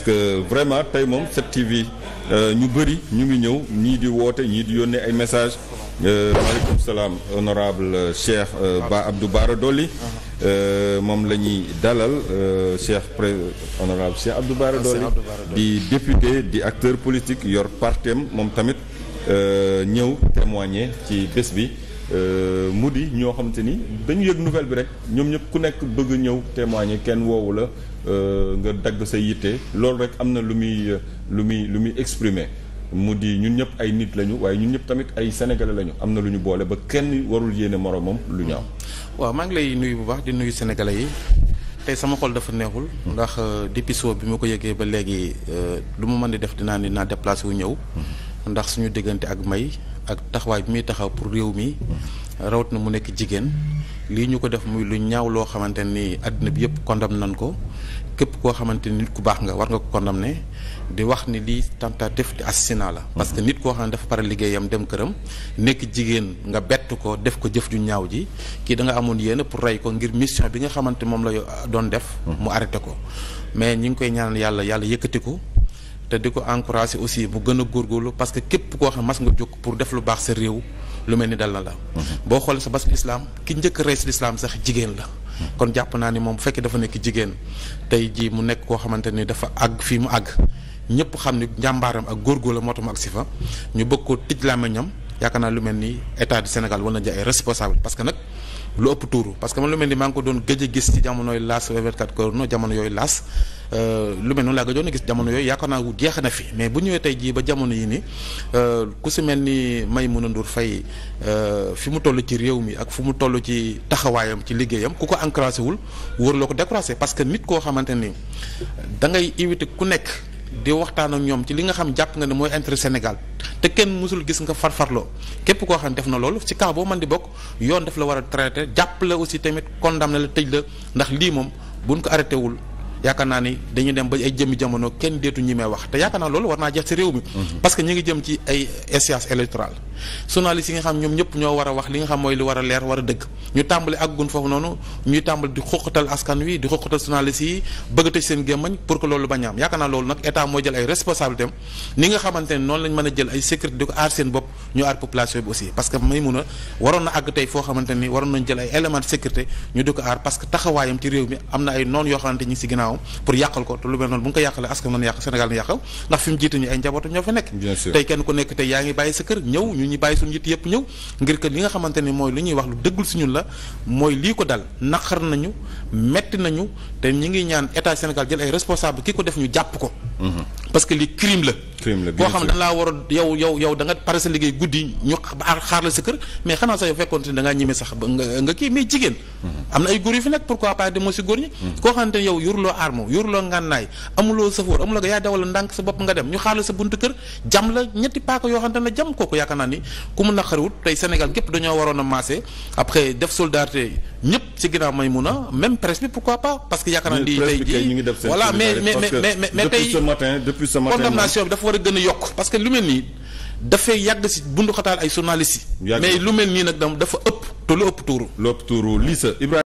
parce que vraiment tey moom 7TV euh, ñu bëri ñu ngi ñëw ñii di woote ñii di yónnee ay message euh, maaleykum salaam honorable Cheikh euh, Ba Abdou Bara Dolly moom la ñuy dalal Cheikh pré honorable Cheikh Abdou Bara Dolly di député di acteur politique yor partem moom tamit ñëw témoigner ci bés bi Euh, mu di ñoo xam te ni dañu yëg nouvelle bi rek ñoom ñëpp ku nekk bëgg ñëw témoigner kenn woowu la euh, nga dagg sa yitte loolu rek am na lu muy lu muy lu muy exprimer mu di ñun ñëpp ay nit lañu waaye ñun ñëpp tamit ay sénégalais lañu am na lu ñu boole ba kenn warul yéene moromam lu ñaaw. waaw maa ngi lay nuyu bu baax di nuyu sénégalais yi tey sama xol dafa neexul. ndax euh, depuis suba bi ma ko yëgee ba léegi lu mu mën di def dinaa ni naa déplacé wu ñëw. Mm-hmm. ndax suñu diggante ak may ak taxawaay bi muy taxaw pour réew mi rawat na mu nekk jigéen lii ñu ko def muy lu ñaaw loo xamante ni àddina bi yëpp condamné nañ ko képp koo xamante ni nit ku baax nga war nga ko condamné di wax ni lii tentative de assassinat la. parce que nit koo xam ne dafa pare liggéeyam dem këram nekk jigéen nga bett ko def ko jëf ju ñaaw ji kii da nga amoon yéen pour rey ko ngir mission bi nga xamante moom la doon def. Hmm. mu arrêté ko mais ñu ngi koy ñaanal yàlla yàlla yëkkati ko. te di ko encouragé aussi mu gën a góorgóorlu parce que képp koo xam mas nga jóg pour def lu baax sa réew lu mel ni dal na la mhm. boo xoolee sa bas lislaam ki njëkk a rey si lislaam sax jigéen la mhm. kon jàpp naa ni moom bu fekkee dafa nekk jigéen tey jii mu nekk koo xamante ni dafa àgg fii mu àgg ñëpp xam ni njàmbaaram ak góorgóorlu moo tax mu àgg si fa ñu bëgg ko tij làmmiñam yaakaar naa lu mel ni état du Sénégal war na jël ay responsable parce lu ëpp tuuru parce que man lu mel ni maa ngi ko doon gëj a gis ci jamonoy laas 24 heures no jamono yooyu laas euh, lu mel noonu laa gëjoon a gis jamono yooyu yaakaar naa jeex na fi mais bu ñëwee tey jii ba jamono yi ni euh, ku si mel ni Maïmouna Ndour Faye euh, fi mu toll ci réew mi ak fu mu toll ci taxawaayam ci liggéeyam ku ko encrassé wul wër loo ko décroisé parce que nit koo xamante ni da ngay invité ku nekk. di waxtaan ak ñoom ci li nga xam jàpp nga ne mooy intérêt Sénégal te kenn musul gis nga farfarloo képp koo xam def na loolu ci cas man di bokk yoon daf la war a traité jàpp la aussi tamit na la tëj la ndax lii moom buñ ko arrêté wul. yaakaar naa ni dañu dem ba ay jëmmi jamono kenn deetu ñi may wax te yaakaar naa loolu war naa jeex ci réew mi. Mhm. parce que ñu ngi jëm ci ay échéances électorales journalistes yi nga xam ñoom ñëpp ñoo war a wax li nga xam mooy li war a leer war a dëgg ñu tàmbali ak gun foofu noonu ñuy tàmbali di xoqatal askan wi di xoqatal journalistes yi bëgg a seen gémmañ pour que loolu bañ a am yaakaar naa loolu nag état moo jël ay responsabilités ni nga xamante ne noonu lañ mën a jël ay sécurité seen bopp ñu aar population bi aussi parce que may mun a waroon na àgg tey foo xamante ni waroon nañ jël ay éléments de sécurité ñu di ko aar parce que taxawaayam ci réew mi am na ay noon yoo xamante ñi si ginnaawam pour yàqal ko te lu mel noonu bu ñu ko yàqalee askan nañ yàq Sénégal na yàqal ndax fi mu jiite ñi ay njabootam ñoo fa nekk tey kenn ku nekk tey yaa ngi bàyyi sa ñëw ñu ñi bàyyi suñu njiit yëpp ñëw ngir que li nga xamante mooy lu ñuy wax lu dëggul ngi ñaan état Sénégal jël ay responsable ki def ñu jàpp ko mhm. parce que lii la koo xam ne da laa war a yow yow yow da nga pare sa liggéey guddi ñu xaar la sa kër mais xanaa sax yow fekkoon te da ñeme sax nga kii mais jigéen mm-hmm. am na ay góor yu fi nekk pourquoi pas de moo si góor ñi kooku yaakaar naa ni ku mu naqariwut tey Sénégal gépp dañoo waroon a maase après def solidarité ñëpp ci ginnaaw may mun a même presse pourquoi pas parce que yaakaar naa tey ji voilà mais mais mais mais tey condamnation bi dafa war a gën a yokk parce que lu mel nii dafay yàgg si bundu ay journalistes yi mais lu mel nii nag dafa ëpp te lu ëpp tuuru lu ëpp tuuru lii sa Ibrahima